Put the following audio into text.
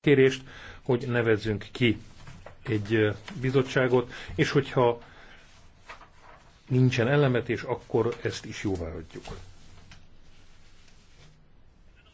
kérést, hogy nevezzünk ki egy bizottságot, és hogyha nincsen ellenvetés, akkor ezt is jóvá hagyjuk.